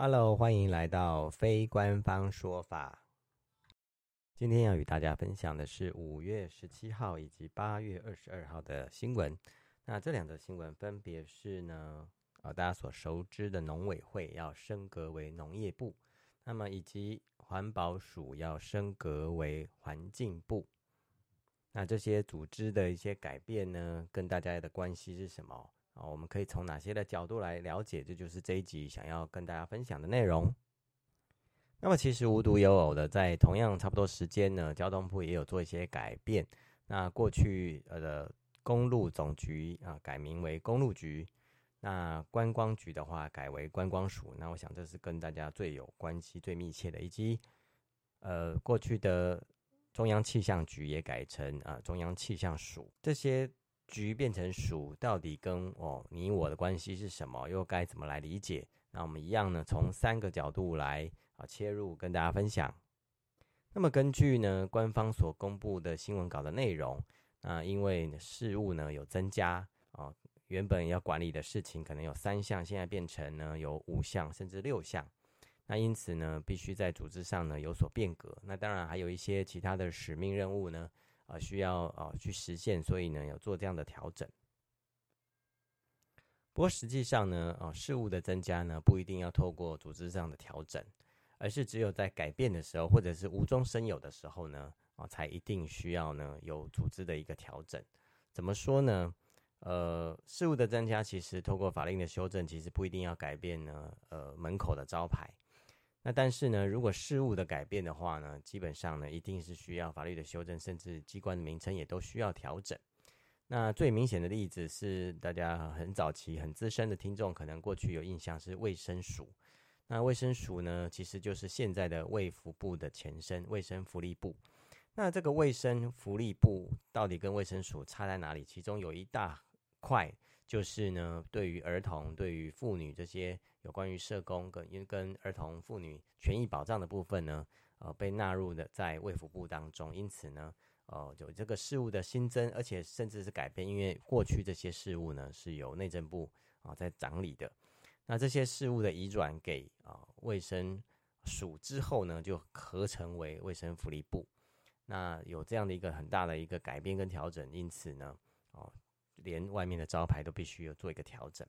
Hello，歡迎來到非官方說法。今天要與大家分享的是五月十七號以及八月二十二號的新聞。那這兩則新聞分別是呢，啊、呃，大家所熟知的農委會要升格為農業部，那麼以及環保署要升格為環境部。那這些組織的一些改變呢，跟大家的關係是什麼？啊，我們可以從哪些的角度來了解？這就,就是這一集想要跟大家分享的內容。那麼，其實無獨有偶的，在同樣差不多時間呢，交通部也有做一些改變。那過去呃的公路總局啊、呃、改名為公路局，那觀光局的話改為觀光署。那我想這是跟大家最有關係、最密切的，以及呃過去的中央氣象局也改成啊、呃、中央氣象署這些。局變成署，到底跟哦你我的關係是什麼？又該怎麼來理解？那我們一樣呢，從三個角度來啊、哦、切入，跟大家分享。那麼根據呢官方所公布的新聞稿的內容，啊因為事務呢有增加啊、哦，原本要管理的事情可能有三項，現在變成呢有五項甚至六項。那因此呢必須在組織上呢有所變革。那當然還有一些其他的使命任務呢，啊，需要啊、呃、去實現，所以呢，有做這樣的調整。不過實際上呢，啊、呃，事務的增加呢，不一定要透過組織這樣的調整，而是只有在改變的時候，或者是無中生有的時候呢，啊、呃，才一定需要呢有組織的一個調整。怎麼說呢？呃，事務的增加，其實透過法令的修正，其實不一定要改變呢，呃，門口的招牌。那但是呢，如果事物的改變的話呢，基本上呢，一定是需要法律的修正，甚至機關的名稱也都需要調整。那最明顯的例子是，大家很早期、很資深的聽眾可能過去有印象是衛生署。那衛生署呢，其實就是現在的衛福部的前身——衛生福利部。那這個衛生福利部到底跟衛生署差在哪裡？其中有一大塊就是呢，對於兒童、對於婦女這些。有關於社工跟跟兒童婦女權益保障的部分呢，呃，被納入的在衛福部當中，因此呢，呃，有這個事務的新增，而且甚至是改變，因為過去這些事務呢是由內政部啊、呃、在掌理的，那這些事物的移轉給啊衛、呃、生署之後呢，就合成為衛生福利部，那有這樣的一個很大的一個改變跟調整，因此呢，哦、呃，連外面的招牌都必須有做一個調整。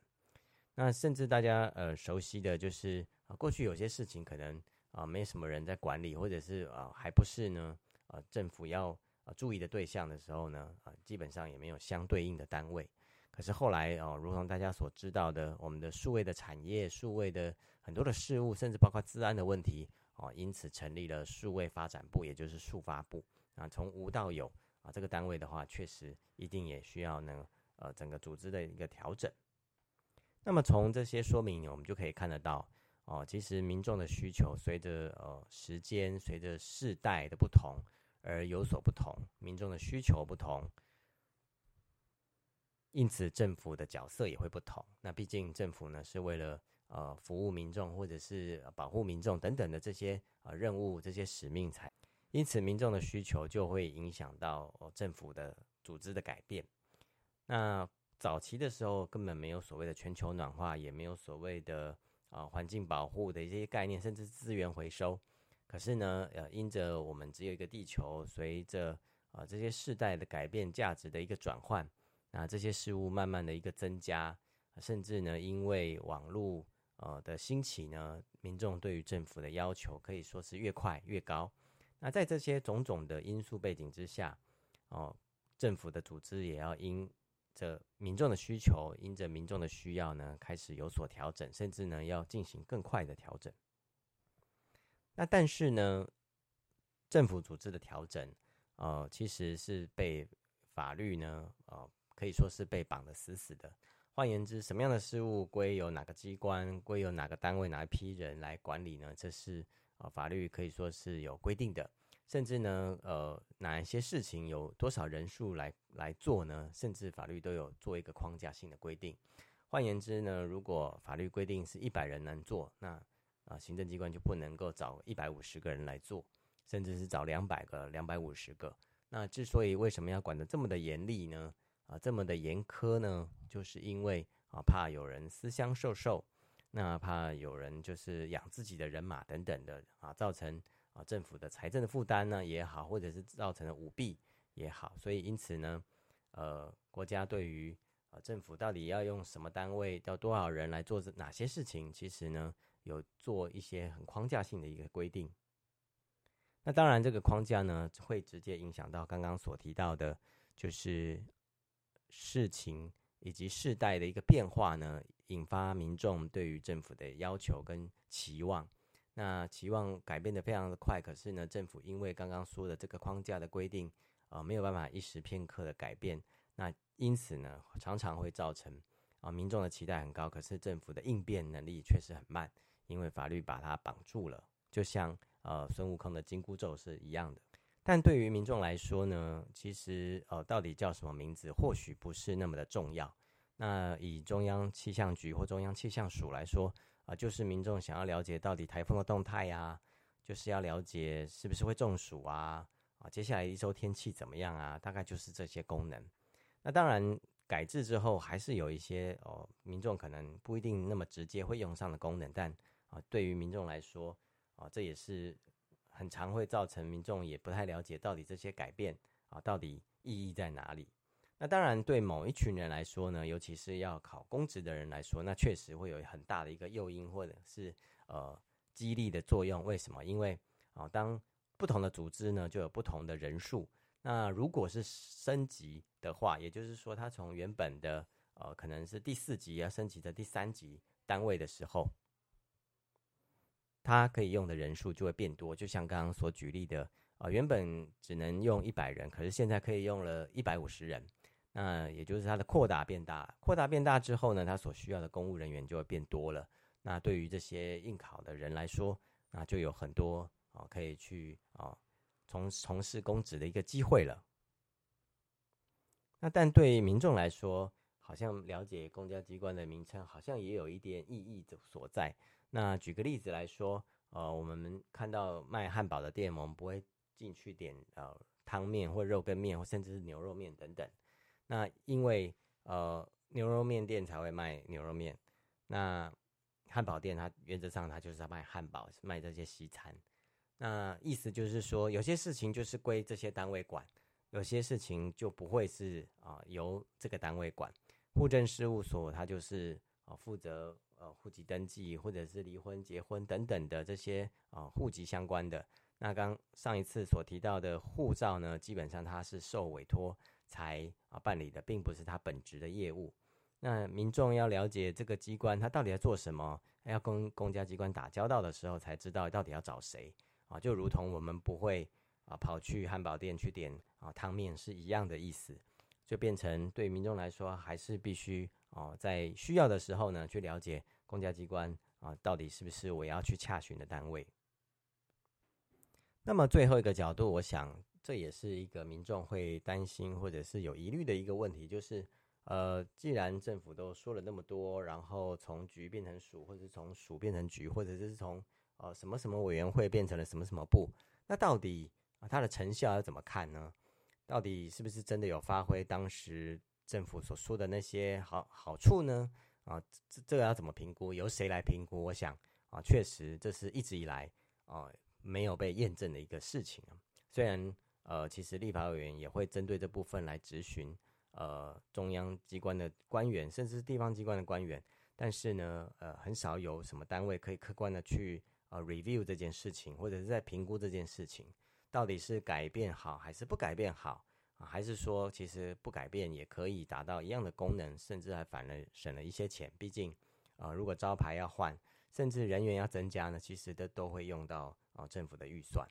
那甚至大家呃熟悉的就是啊過去有些事情可能啊沒什麼人在管理，或者是啊還不是呢啊政府要啊注意的對象的時候呢啊基本上也沒有相對應的單位。可是後來哦、啊，如同大家所知道的，我們的數位的產業、數位的很多的事物，甚至包括資安的問題哦、啊，因此成立了數位發展部，也就是數發部啊，從無到有啊這個單位的話，確實一定也需要呢呃整個組織的一個調整。那麼，從這些說明，我們就可以看得到，哦，其實民眾的需求隨着呃時間、隨着世代的不同而有所不同，民眾的需求不同，因此政府的角色也會不同。那畢竟政府呢是為了呃服務民眾或者是保護民眾等等的這些、呃、任務、這些使命才，因此民眾的需求就會影響到、呃、政府的組織的改變。那。早期的時候根本沒有所謂的全球暖化，也沒有所謂的啊、呃、環境保護的一些概念，甚至資源回收。可是呢，呃，因着我們只有一個地球，隨着啊、呃、這些世代的改變，價值的一個轉換，那這些事物慢慢的一個增加，甚至呢，因為網絡呃的興起呢，民眾對於政府的要求可以說是越來越高。那在這些種種的因素背景之下，哦、呃，政府的組織也要因。這民眾的需求，因着民眾的需要呢，開始有所調整，甚至呢要進行更快的調整。那但是呢，政府組織的調整，呃，其實是被法律呢，呃，可以說是被綁得死死的。換言之，什麼樣的事務歸由哪個機關、歸由哪個單位、哪一批人來管理呢？這是啊、呃，法律可以說是有規定的。甚至呢，呃，哪一些事情有多少人數來來做呢？甚至法律都有做一個框架性的規定。換言之呢，如果法律規定是一百人能做，那啊、呃，行政機關就不能夠找一百五十個人來做，甚至是找兩百個、兩百五十個。那之所以為什麼要管得這麼的嚴厲呢？啊、呃，這麼的嚴苛呢？就是因為啊，怕有人私相授受，那怕有人就是養自己的人馬等等的啊，造成。啊，政府的財政的負擔呢，也好，或者是造成了舞弊也好，所以因此呢，呃，國家對於啊政府到底要用什麼單位，要多少人來做哪些事情，其實呢有做一些很框架性的一個規定。那當然，這個框架呢會直接影響到剛剛所提到的，就是事情以及世代的一個變化呢，引發民眾對於政府的要求跟期望。那期望改變得非常的快，可是呢，政府因為剛剛說的這個框架的規定呃，沒有辦法一時片刻的改變。那因此呢，常常會造成啊、呃，民眾的期待很高，可是政府的應變能力確實很慢，因為法律把它綁住了，就像呃孫悟空的緊箍咒是一樣的。但對於民眾來說呢，其實呃到底叫什麼名字或許不是那麼的重要。那以中央氣象局或中央氣象署來說。啊，就是民眾想要了解到底颱風的動態呀，啊，就是要了解是不是會中暑啊，啊，接下來一周天氣怎麼樣啊，大概就是這些功能。那當然，改制之後還是有一些哦，民眾可能不一定那麼直接會用上的功能，但啊，對於民眾來說，啊，這也是很常會造成民眾也不太了解到底這些改變啊，到底意義在哪裡。那當然，對某一群人來說呢，尤其是要考公職的人來說，那確實會有很大的一個誘因或者是呃激勵的作用。為什麼？因為啊、哦，當不同的組織呢，就有不同的人數。那如果是升級的話，也就是說，他從原本的呃可能是第四級啊升級到第三級單位的時候，他可以用的人數就會變多。就像剛剛所舉例的啊、呃，原本只能用一百人，可是現在可以用了一百五十人。那也就是它的擴大變大，擴大變大之後呢，它所需要的公務人員就會變多了。那對於這些應考的人來說，那就有很多、哦、可以去啊從從事公職的一個機會了。那但對於民眾來說，好像了解公家機關的名稱好像也有一點意義的所在。那舉個例子來說，呃，我們看到賣漢堡的店，我們不會進去點呃湯麵或肉羹麵，或甚至是牛肉麵等等。那因為呃牛肉麵店才會賣牛肉麵，那漢堡店它原則上它就是要賣漢堡，賣這些西餐，那意思就是說，有些事情就是歸這些單位管，有些事情就不會是啊、呃、由這個單位管。戶政事務所它就是、呃、負責呃戶籍登記或者是離婚、結婚等等的這些啊、呃、戶籍相關的。那剛上一次所提到的護照呢，基本上它是受委托，才啊辦理的並不是他本職的業務，那民眾要了解這個機關他到底要做什麼，要跟公家機關打交道的時候，才知道到底要找誰啊，就如同我們不會啊跑去漢堡店去點啊湯麵是一樣的意思，就變成對民眾來說還是必須啊在需要的時候呢去了解公家機關啊到底是不是我要去洽詢的單位。那麼最後一個角度，我想這也是一個民眾會擔心或者是有疑慮的一個問題，就是，呃，既然政府都說了那麼多，然後從局變成署，或者是從署變成局，或者是從呃什麼什麼委員會變成了什麼什麼部，那到底啊，呃，它的成效要怎麼看呢？到底是不是真的有發揮當時政府所說的那些好好處呢？啊，呃，這這個要怎麼評估？由誰來評估？我想啊，確實，呃，這是一直以來啊。呃沒有被驗證的一個事情啊，雖然呃，其實立法委員也會針對這部分來質詢，呃，中央機關的官員，甚至是地方機關的官員，但是呢，呃，很少有什麼單位可以客觀的去呃 review 這件事情，或者是在評估這件事情到底是改變好還是不改變好，啊，還是說其實不改變也可以達到一樣的功能，甚至還反而省了一些錢。畢竟啊，呃，如果招牌要換，甚至人員要增加呢，其實都都會用到。哦，政府的預算，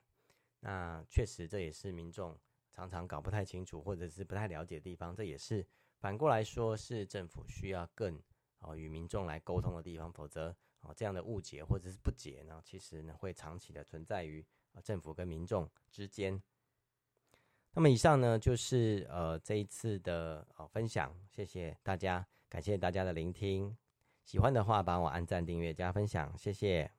那確實這也是民眾常常搞不太清楚或者是不太了解的地方。這也是反過來說，是政府需要更哦、呃、與民眾來溝通的地方。否則，哦、呃、這樣的誤解或者是不解呢、呃，其實呢會長期的存在於、呃、政府跟民眾之間。那麼以上呢就是呃這一次的、呃、分享，謝謝大家，感謝大家的聆聽。喜歡的話，幫我按讚、訂閱、加分享，謝謝。